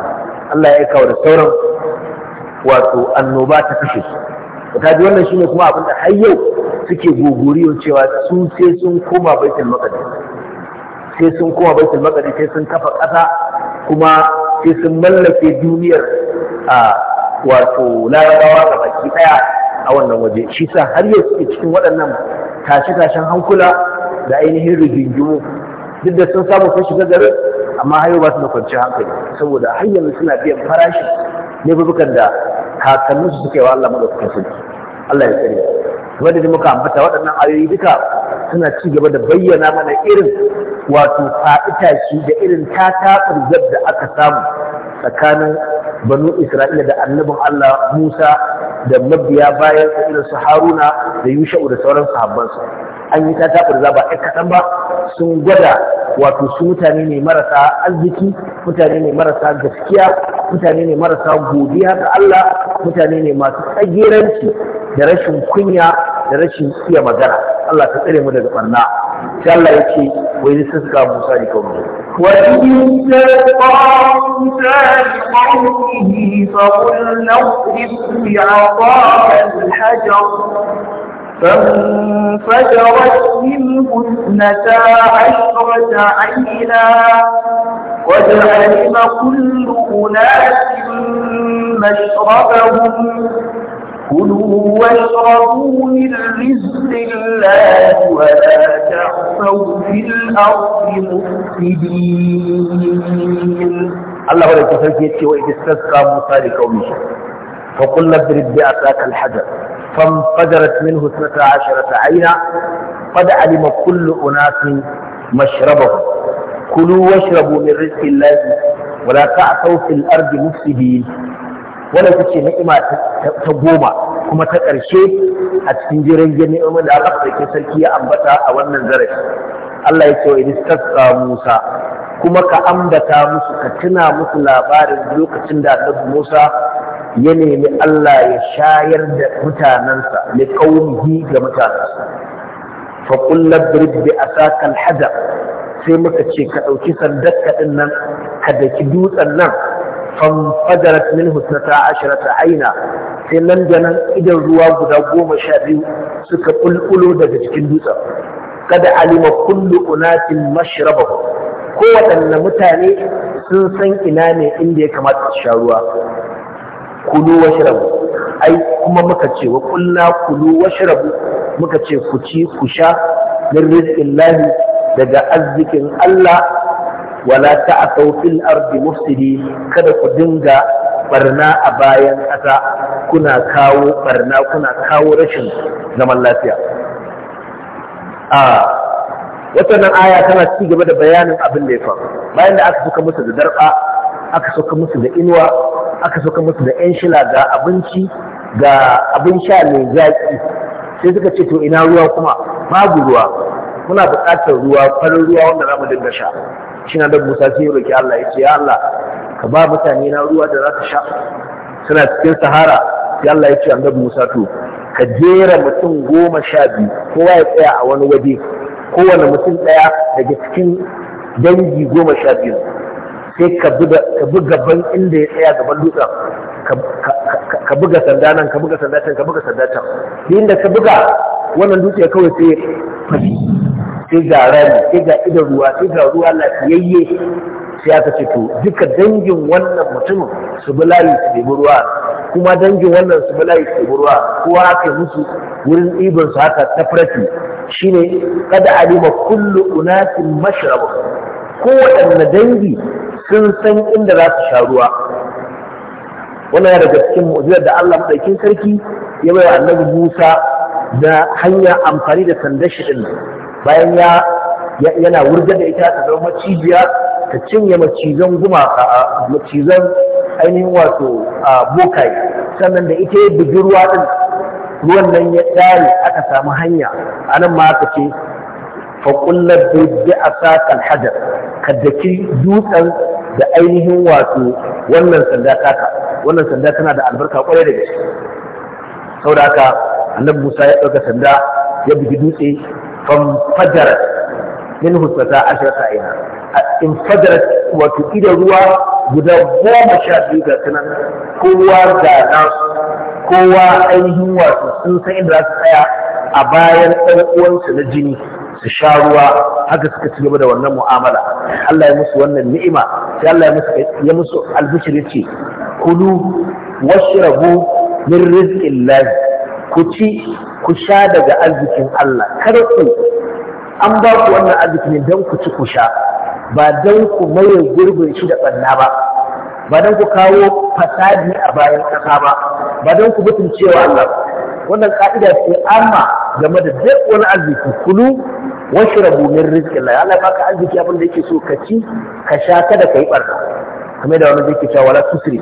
Allah ya aika da sauran wato annoba ta kashe su ta ji wannan shine kuma abin da har yau suke gogoriyo cewa su sai sun koma baitul maqdis sai sun koma baitul maqdis sai sun kafa ƙasa kuma sai sun mallake duniyar a wato larabawa ga baki ɗaya a wannan waje shi sa har yau suke cikin waɗannan tashe-tashen hankula da ainihin rigingimu duk da sun samu sun shiga garin amma har yau ba su da hankali saboda har yanzu suna biyan farashi ne bubukan da kakanninsu suka yi wa Allah madaukakin sarki Allah ya tsare Kuma da muka ambata waɗannan ayoyi duka suna ci gaba da bayyana mana irin wato fa'ita shi da irin ta tatsar da aka samu tsakanin banu isra'ila da annabin Allah Musa da mabiya bayan irin su Haruna da Yusha'u da sauran sahabbansa an yi ta tatsar ba ɗan ba sun gwada wato su mutane ne marasa arziki mutane ne marasa gaskiya mutane ne marasa godiya ga Allah mutane ne masu tsageranci da rashin kunya da rashin iya magana Allah ka tsare mu daga barna sai Allah ya ce wai zai suka Musa da kawai wa in ta qawmuka qawmihi fa qul naqrib bi 'aqaka al-hajar فانفجرت منه اثنتا عشرة عينا قد علم كل أناس مشربهم كلوا واشربوا من رزق الله ولا تعثوا في الأرض مفسدين الله ولا تفرق يتي وإذ استسقى موسى لقومه فقلنا اضرب بأساك الحجر فانفجرت منه اثنتا عشرة عينا قد علم كل أناس مشربهم كلوا واشربوا من رزق الله ولا تعثوا في الأرض مفسدين wannan ita ce ni'ima ta goma kuma ta ƙarshe a cikin jiran ni'imar da Allah sarki sarki ya ambata a wannan zarafi Allah ya ce wa idistasqa Musa kuma ka ambata musu ka tuna musu labarin lokacin da Annabi Musa ya nemi Allah ya shayar da mutanensa li qaumihi ga mutanansa. fa qul ladrib bi asaka sai muka ce ka ɗauki sandar ka nan ka daki dutsen nan fanfadarat minhu ta asharata aina sai nan da nan idan ruwa guda goma sha biyu suka bulbulo daga cikin dutsen kada alima kullu unatin Ko waɗanne mutane sun san ina ne inda ya kamata su sha ruwa kulu washrabu ai kuma muka ce wa kulna kulu washrabu muka ce ku ci ku sha min rizqin daga arzikin Allah wala a fil ardi mufsidi kada ku dinga barna a bayan kasa, kuna kawo barna kuna kawo rashin zaman lafiya a watannan aya tana ci gaba da bayanin abin da ya bayan da aka suka musu da darba aka suka musu da inuwa aka suka musu da yan shila ga abinci ga abin sha mai zaƙi sai suka ce to ina ruwa kuma babu ruwa muna buƙatar ruwa farin ruwa wanda za mu dinga sha shi na da musa sai roƙi Allah ya ce ya Allah ka ba mutane na ruwa da za su sha suna cikin sahara sai Allah ya ce annabi musa to ka jera mutum goma sha biyu kowa ya tsaya a wani waje kowane mutum ɗaya daga cikin dangi goma sha biyu sai ka buga gaban inda ya tsaya gaban dutsen ka buga sanda nan ka buga sanda can ka buga sanda can inda ka buga wannan dutse kawai sai fashi sai ga rani sai ga idan ruwa sai ga ruwa lafiyayye sai aka ce to duka dangin wannan mutumin su bi layi su ɗebi ruwa kuma dangin wannan su bi layi su ɗebi ruwa kowa aka musu wurin ibin su haka ta farfi shine kada alima kullu unasin mashrabu kowaɗanne dangi sun san inda za su sha ruwa wannan ya daga cikin mu'jizar da Allah madaukin sarki ya bai wa annabi Musa da hanya amfani da shi din nan bayan ya yana wurgar da ita ta zama macijiya ta cinye macizan guma a macizan ainihin wato bokai sannan da ita ya bugi ruwa din ruwan nan ya tsari aka samu hanya anan ma aka ce fa kullat bi asaqal hajar kaddaki dutsen da ainihin wato wannan sanda taka wannan sanda tana da albarka kwarai da gaske saboda haka annabi Musa ya ɗauka sanda ya bugi dutse fanfajarat min husata ashrata aina infajarat wato idan ruwa guda goma sha biyu ga sanan kowa ga kowa ainihin wato sun san inda za su tsaya a bayan ɗan uwansu na jini su sha ruwa haka suka ci gaba da wannan mu'amala Allah ya musu wannan ni'ima sai Allah ya musu ya musu albishir yace kulu washrabu min rizqillah ku ci ku sha daga arzikin Allah kada ku an ba ku wannan arziki don ku ci ku sha ba don ku maye gurbin shi da ɓanna ba ba don ku kawo fasadi a bayan kasa ba ba don ku mutuncewa Allah wannan ka'ida ce amma game da duk wani arziki kulu wasu rabu min rizkin Allah Allah baka arziki abin da yake so ka ci ka sha kada ka yi barna kamar da wani zai ke cewa wala tusri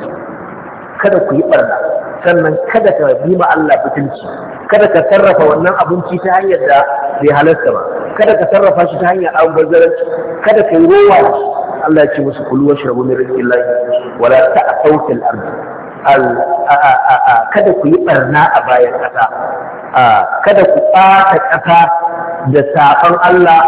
kada ku yi barna sannan kada ka bi ma Allah butulci kada ka sarrafa wannan abinci ta hanyar da bai halarta ba kada ka sarrafa shi ta hanyar albazaranci kada ka yi rowa Allah ya ce musu kulu washrabu min rizqillahi wala a sautin ardi kada ku yi barna a bayan ƙasa, kada ku ɓata ƙasa da saban Allah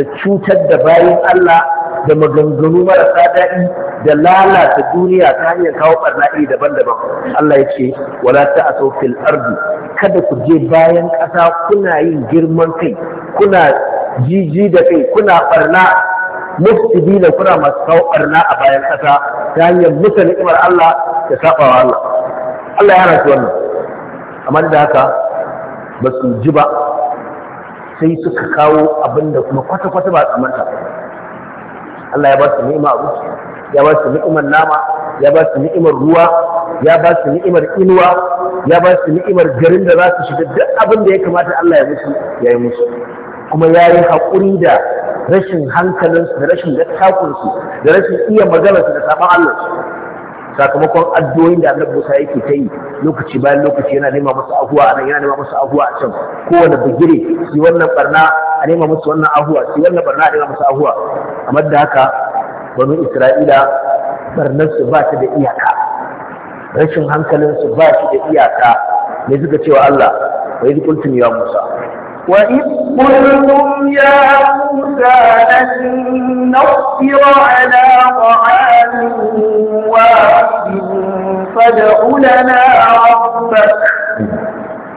da cutar da bayan Allah da maganganu marasa daɗi da lalata duniya ta hanyar kawo ɓarna daban-daban Allah ya ce wala ta asau fil ardu, kada ku je bayan ƙasa kuna yin girman kai kuna jiji da kai kuna ɓarna mufsidi da kuna masu kawo ɓarna a bayan ƙasa ta hanyar musa ni'imar Allah da wa Allah Allah ya rasu wannan amma da haka ba su ji ba sai suka kawo abin da kuma kwata-kwata ba tsamanta Allah ya ba su ni'ima abinci ya ba su ni'imar nama ya ba su ni'imar ruwa ya ba su ni'imar inuwa ya ba su ni'imar garin da za su shiga duk abin da ya kamata Allah ya musu ya yi musu kuma ya yi haƙuri da rashin hankalinsu da rashin dattakunsu da rashin iya maganarsu da sabon Allah sakamakon addu'o'in da annabi Musa yake ta yi lokaci bayan lokaci yana nema masa afuwa a nan yana nema masa afuwa a can kowane bigire shi wannan barna a nema masa wannan afuwa shi wannan barna a nema masa afuwa a da haka banu Isra'ila barnar su ba ta da iyaka rashin hankalin su ba su da iyaka ne suka cewa Allah wa yi kuntum ya Musa وإذ قلتم يا موسى لن نصبر على طعام أواب فادع لنا ربك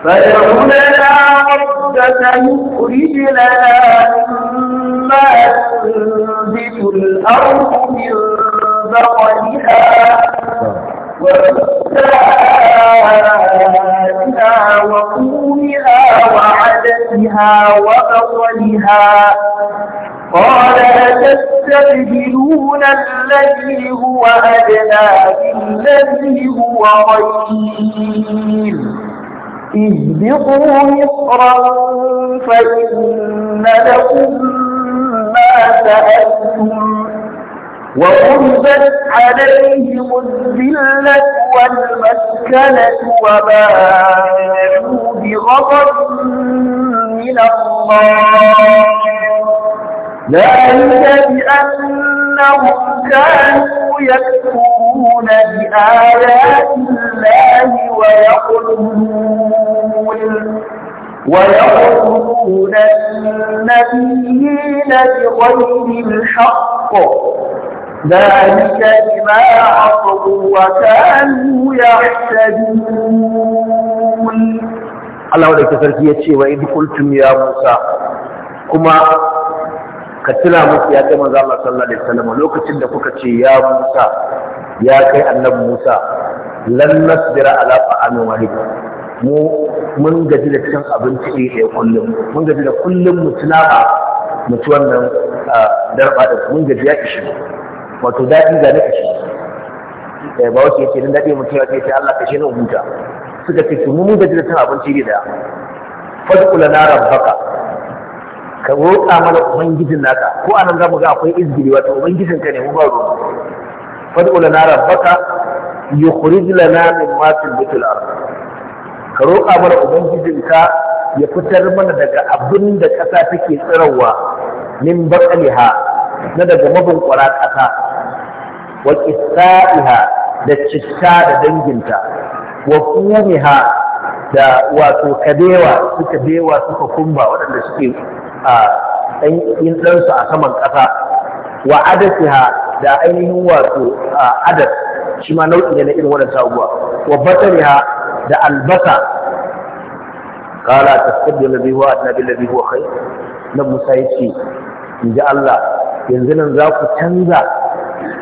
فادع لنا ربك يخرج لنا مما تنبت الأرض من بقلها وكسائها وطولها وعددها وبطلها قال أتستبدلون الذي هو أدنى بالذي هو خير اهبطوا مصرا فإن لكم ما سألتم وغربت عليهم الذلة والمسكنة وباءوا بغضب من الله ذلك بأنهم كانوا يكفرون بآيات الله ويقولون ويقولون النبيين بغير الحق ذلك بما عصوا وكانوا يعتدون الله ولك سركي يتشي وإذ قلتم يا موسى كما كتلا موسى يا كما الله صلى الله عليه وسلم لو كتل لك يا موسى يا كي أنب موسى لن نصبر على طعام واحد mu mun gaji da cin abinci ɗaya kullum mun gaji da kullum mu tuna mu ci wannan darba da mun gaji ya ishi wato daɗi ga na kashi da eh, ba wasu yake nan daɗi mutum ya ce Allah kashe na huta suka ce su mu da cin abinci ne da fadkula na rabbaka ka roƙa mana ubangijin naka ko anan za mu ga akwai izgiri wato ubangijin ka ne mu ba ruwa fadkula na rabbaka yukhrij lana mimma tunbitul ardh ka roƙa mana ubangijin ka ya fitar mana daga abin da ƙasa take tsirarwa min baƙaliha na daga mabin ƙwara ƙasa wa qissaiha da citta da danginta wa kumiha da wato kabewa suka bewa suka kumba waɗanda suke a ɗansu a saman ƙasa wa adasiha da ainihin wato adas shi ma nau'i ne na irin waɗansu abubuwa wa batariha da albasa قال تستبدل الذي هو ادنى بالذي هو kai? nan Musa ya ce in ji Allah yanzu nan za ku canza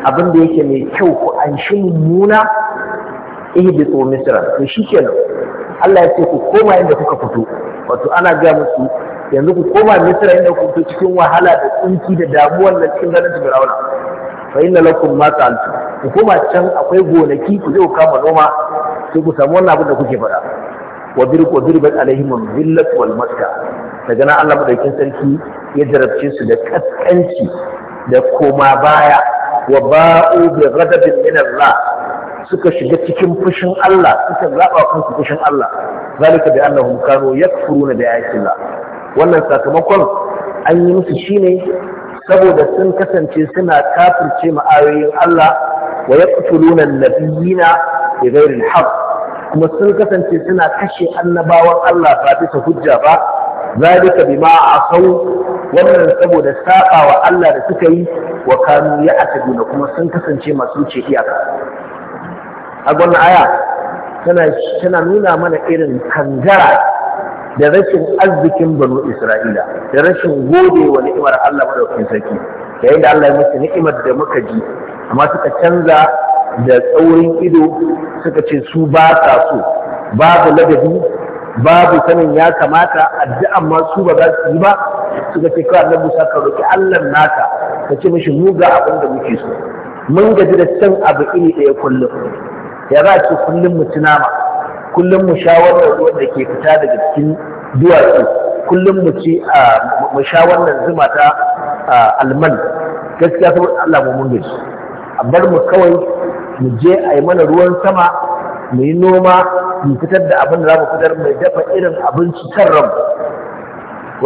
abin da yake mai kyau ku anshi mummuna ihbitu misra to shikenan Allah ya ce ku koma inda kuka fito wato ana ga musu yanzu ku koma misra inda kuka fito cikin wahala da tsinki da damuwar da cikin ganin Fir'auna fa inna lakum ma ta'altu ku koma can akwai gonaki ku je ku kama noma sai ku samu wannan abin da kuke faɗa wa bir wa bir bat alaihim billat wal maska daga nan Allah madaukin sarki ya jarabce su da kaskanci da koma baya wa ba'u bi ghadabin min Allah suka shiga cikin fushin Allah suka zaba kansu fushin Allah zalika bi annahum kanu yakfuruna bi ayati Allah wannan sakamakon an yi musu shine saboda sun kasance suna kafirce ma'ayoyin Allah wa yaqtuluna an-nabiyina bi ghairi al-haqq kuma sun kasance suna kashe annabawan Allah ba bisa hujja ba zalika bima asau wannan saboda saba Allah da suka yi wa kanu ya atabuna kuma sun kasance masu wuce iyaka a gwanin aya tana nuna mana irin kangara da rashin arzikin banu Isra'ila da rashin gode wa ni'imar Allah kuma sarki yayin da Allah ya musu ni'imar da muka ji amma suka canza da tsaurin ido suka ce su ba ta so babu ladabi babu sanin ya kamata addu'an ma su ba za su yi ba su ce kawai annabi Musa ka roki Allah naka ka ce mishi mu ga abin da muke so mun gaji da san abu iri ɗaya kullum ya za ce kullum mu tunama kullum mu sha wannan ruwan da ke fita daga cikin duwatsu kullum mu ci mu sha wannan zuma ta alman gaskiya saboda Allah mu mun gaji a bar mu kawai mu je a yi mana ruwan sama mu yi noma mu fitar da abin da za mu fitar mai dafa irin abinci kan ramu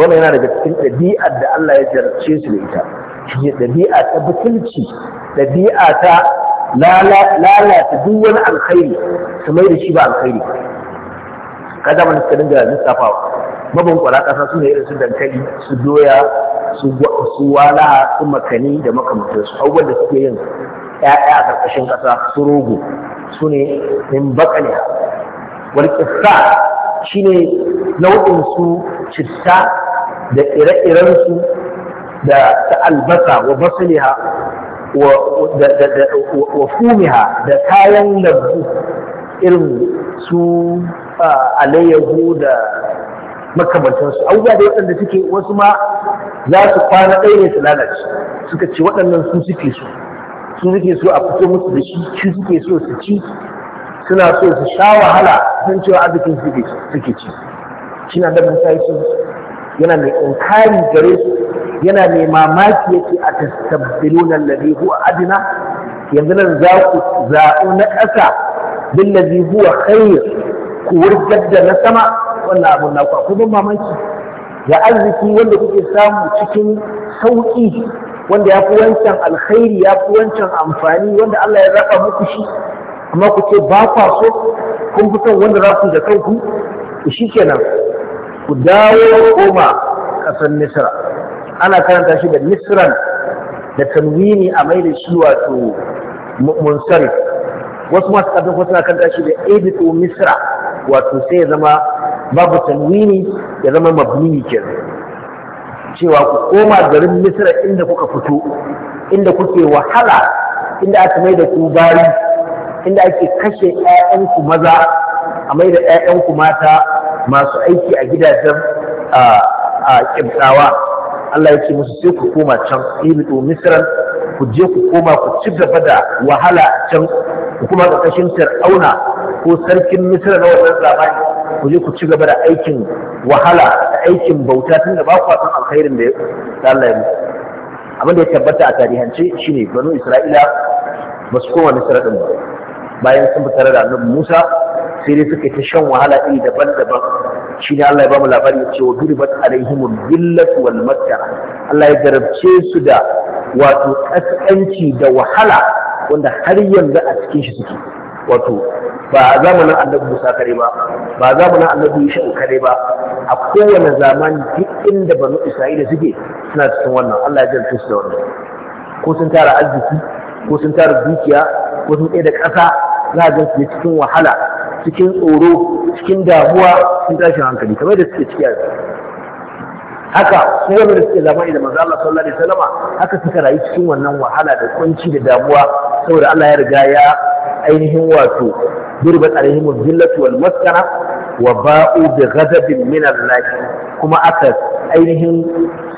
wannan yana daga cikin ɗabi'ar da Allah ya jarce su da ita shi ɗabi'a ta butulci ɗabi'a ta lalata duk wani alkhairi su mai da shi ba alkhairi kada gara suka dinga lissafawa kwara ƙasa su ne irin su dankali su doya su walaha su makani da makamantarsu abubuwan da suke yin ‘ya'ya a ƙarƙashin ƙasa su rogo su ne min bakaliya wal shi shine nau'in su citta da ire-iren da ta albasa wa basaliha wa fumiha da kayan lambu irin su alayyahu da makamantansu abubuwa da waɗanda suke wasu ma za su kwana ɗaya ne su lalace suka ce waɗannan sun suke su su suke so a fito musu da shi shi suke so su ci suna so su sha wahala sun cewa arzikin suke ci shi na dabin sai yana mai inkari gare su yana mai mamaki yake a na lalai huwa adina yanzu nan za ku za'u na ƙasa bin lalai huwa khair ku wurgar da na sama wannan abun na akwai mamaki da arziki wanda kuke samu cikin sauƙi wanda ya fi wancan alkhairi ya fi wancan amfani wanda Allah ya zaɓa muku shi amma ku ce ba kwa so kun fi son wanda za ku da kanku ku shi kenan ku dawo koma ƙasar misra ana karanta shi da misran da tanwini a mai da shi wato munsar wasu masu ƙarfin kuma suna karanta shi da ibitu misra wato sai ya zama babu tanwini ya zama mabni kenan cewa ku koma garin misra inda kuka fito inda kuke wahala inda aka mai da ku bari inda ake kashe 'ya'yanku maza a mai da 'ya'yanku mata masu aiki a gidajen a kimtsawa Allah ya ce musu sai ku koma can ibitu misran ku je ku koma ku ci gaba da wahala can ku kuma kashin fir'auna ko sarkin misra na wannan zamani ku je ku ci gaba da aikin wahala aikin bauta tun da ba kwa san alkhairin da Allah ya musu abin da ya tabbata a tarihance shine banu Isra'ila ba su koma Misra din ba bayan sun fita da Annabi Musa sai dai suka ta shan wahala iri daban-daban shine Allah ya ba mu labari ya ce wa duribat alaihimul billatu wal matta Allah ya garabce su da wato kaskanci da wahala wanda har yanzu a cikin shi suke wato ba zamanin annabi Musa kare ba ba zamanin annabi Yusha kare ba a kowane zamani duk inda banu Isra'ila suke suna cikin wannan Allah ya jarfe su da wannan ko sun tara arziki ko sun tara dukiya ko sun tsaye da ƙasa za a gansu cikin wahala cikin tsoro cikin damuwa sun tashin hankali kamar da suke ciki a haka su zama da suke zamani da Maza Allah sallallahu alaihi wasallama haka suka rayu cikin wannan wahala da kunci da damuwa saboda Allah ya riga ya ainihin wato durbat alaihim zillatu wal maskana wa ba'u bi ghadabin min Allah kuma aka ainihin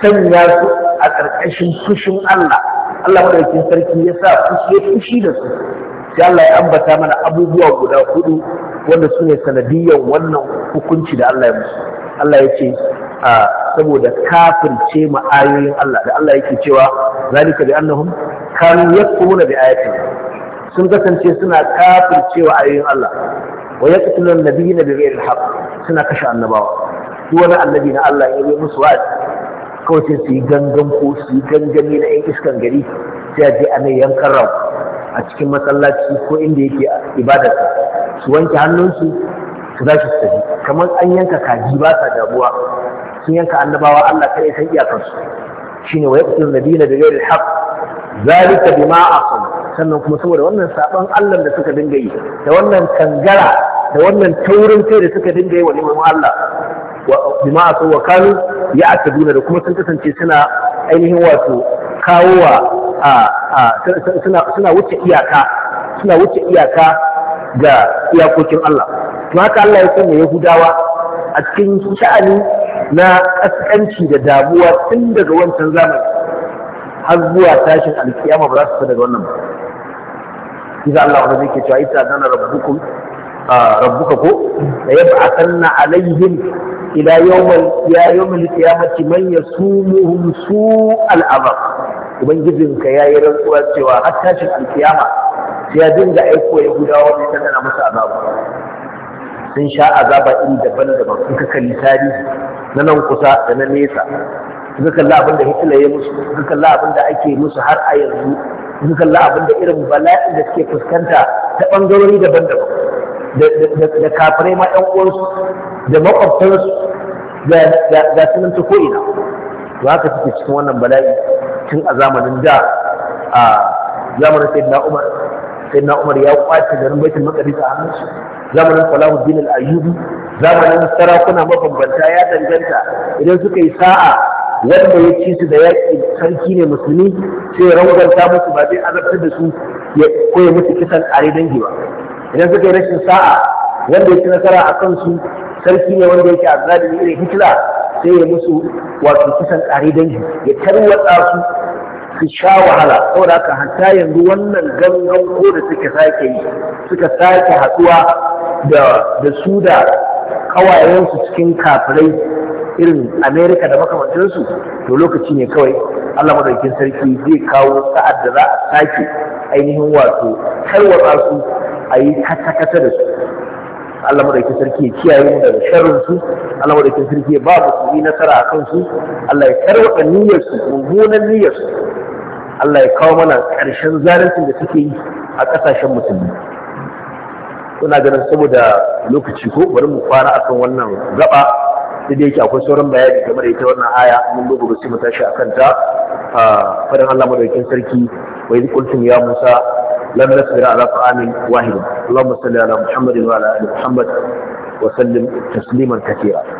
sanya su a karkashin fushin Allah Allah madaukakin sarki ya sa fushi fushi da su sai Allah ya ambata mana abubuwa guda hudu wanda su ne sanadiyyar wannan hukunci da Allah ya musu Allah ya ce saboda kafirce ma ayoyin Allah da Allah yake cewa zalika bi annahum kanu yakfuruna bi ayatin sun kasance suna kafirce wa ayoyin Allah wa yaqtuluna nabiyina bi ghairi al suna kashe annabawa duk wani annabi na Allah ya yi musu wa'azi kawai su yi gangan ko su yi gangami na yan iskan gari sai a je a mai yankan rawa a cikin masallaci ko inda yake ibadar su wanke hannunsu su za su tafi kamar an yanka kaji ba sa damuwa sun yanka annabawa Allah ta yi san iyakansu shine wa yaqtul nabiyina bi ghairi al-haq zalika bima asam sannan kuma saboda wannan saban Allah da suka dinga yi da wannan kangara da wannan taurin kai da suka dinga yi wa limamin Allah wa bima asam wa kanu ya'taduna da kuma sun kasance suna ainihin wato kawowa a suna suna wuce iyaka suna wuce iyaka ga iyakokin Allah to haka Allah ya sanya Yahudawa a cikin sha'ani na ƙasƙanci da damuwa tun daga wancan zamani har zuwa tashin alkiyama ba za su daga wannan ba idan Allah zai ke cewa ita nana rabbukum rabbuka ko da yab'athanna alaihim ila yawmal ya yawmal qiyamati man yasumuhum su'al azab ubangijinka yayi rantsuwa cewa har tashin alkiyama sai ya dinga aiko ya gudawa ne tana masa azaba sun sha azaba iri daban-daban in ka kalli tarihi na nan kusa da na nesa in ka kalli abin da Hitler ya musu in ka kalli abin da ake musu har a yanzu in ka kalli abin da irin bala'in da suke fuskanta ta ɓangarori daban-daban da kafirai ma ɗan uwansu da maƙwabtansu ga sunan ta ko'ina to haka suke cikin wannan bala'i tun a zamanin da a zamanin sayyidina umar sayyidina umar ya kwace garin baitul maqdis a hannunsu zamanin Salahuddin al ayubi zamanin sarakuna mabambanta ya danganta idan suka yi sa'a wanda ya ci su da yaƙi sarki ne musulmi sai ya rangwanta musu ba zai azabtar da su ko ya musu kisan are dangi ba idan suka yi rashin sa'a wanda ya ci nasara a kansu sarki ne wanda yake azzalimi irin Hitler sai ya musu wato kisan ƙare dangi ya tarwatsa su su sha wahala saboda haka hatta yanzu wannan gangan ko da suka sake yi suka sake haɗuwa da su da ƙawayensu cikin kafirai irin amerika da makamantarsu, to lokaci ne kawai allah madaukin sarki zai kawo sa'ad da za a sake ainihin wato tarwatsa su a yi kata-kata da su Allah madaukakin sarki ya kiyaye mu daga sharrin su Allah madaukakin sarki ya ba mu nasara a kansu Allah ya tarwata niyyar su mummunan niyyar su Allah ya kawo mana ƙarshen zalincin da suke yi a ƙasashen musulmi suna ganin saboda lokaci ko bari mu kwana akan wannan gaba sai da yake akwai sauran bayani game da ita wannan aya mun gobe ba sai mu tashi akan ta faɗin Allah madaukakin sarki wa idh qultum ya Musa lan nasbira ala ta'amin wahid Allahumma salli ala Muhammadin wa ala ali Muhammad wa sallim tasliman katira